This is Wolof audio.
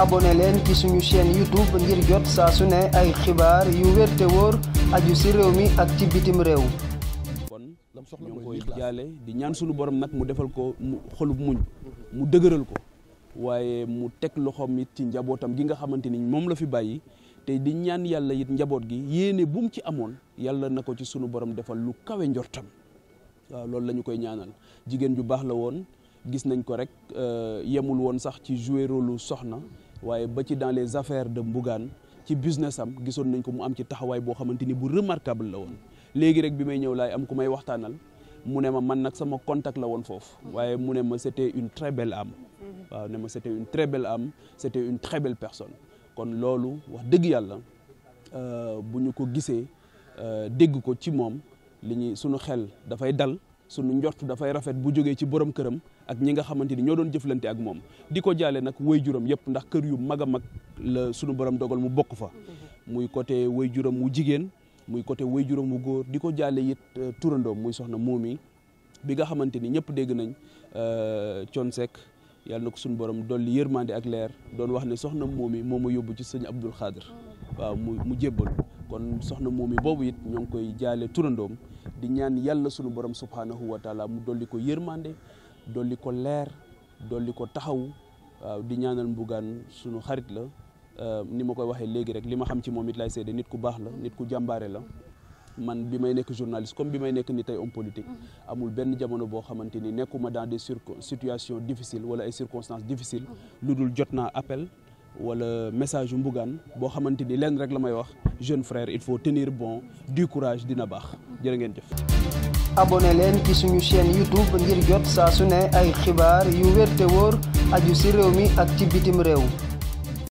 abonné leen ci suñu seen YouTube ngir jot saa su ne ay xibaar yu wér te wóor aju si réew mi ak ci bitim réew. kon ñoo ngi koy di ñaan suñu borom nag mu defal ko mu xolub dëgëral ko waaye mu teg loxoom it ci njabootam gi nga xamante ni moom la fi bàyyi. te di ñaan yàlla it njaboot gi yéene buum ci amoon yàlla na ko ci sunu borom defal lu kawe njortam waaw loolu lañu koy ñaanal jigéen ju baax la woon gis nañ ko rek euh, yemul woon sax ci jouer lu soxna waaye ba ci dans les affaires de Bougane ci business am gisoon nañ ko mu am ci taxawaay boo xamante ni bu remarquable la woon léegi rek bi may ñëw laay am ku may waxtaanal mu ne ma man nag sama contact la woon foofu waaye mu ne ma c'était une très belle am waaw ma c'était une très belle âme c'était une très personne kon loolu wax dëgg yàlla euh, bu ñu ko gisee euh, dégg ko ci moom li ñuy sunu xel dafay dal su sunu njort dafay rafet bu jógee ci borom këram ak ñi nga xamante ni ñoo doon jëflante ak moom diko jaale nag way juróom yëpp ndax kër yu mag a mag la sunu borom dogal mu bokk fa muy côté way juram wu jigéen muy côté way juram wu góor di ko jaale it euh, turandoom muy soxna moomi bi nga xamante ni ñëpp dégg nañ euh, Thione Seck yàlla na ko suñu borom dolli yërmande ak leer doon wax ne soxna moomi moom ma yóbbu ci sëñ Abdul Xaadir waaw mu mu jébbalu kon soxna moomi boobu it ñoo ngi koy jaale turandoom di ñaan yàlla sunu borom subhanahu wa taala mu dolli ko yërmande dolli ko leer dolli ko taxaw waaw di ñaanal mbugaan sunu xarit la euh, ni ma koy waxee léegi rek li ma xam ci moom it lay seede nit ku baax la nit ku jàmbaare la man bi may nekk journaliste comme bi may nekk ni tey homme politique mm-hmm. amul benn jamono boo xamante ni nekkuma dans des situations difficile wala ay circonstances difficile mm-hmm. lu dul jot naa appel wala message yu mbugaan boo xamante ni leen rek la may wax jeune frère il faut tenir bon du courage dina baax jërë ngeen jëf. abonné leen ci suñu chaîne youtube ngir jot saa su ne ay xibaar yu wér te wóor aju si réew mi ak ci bitim réew.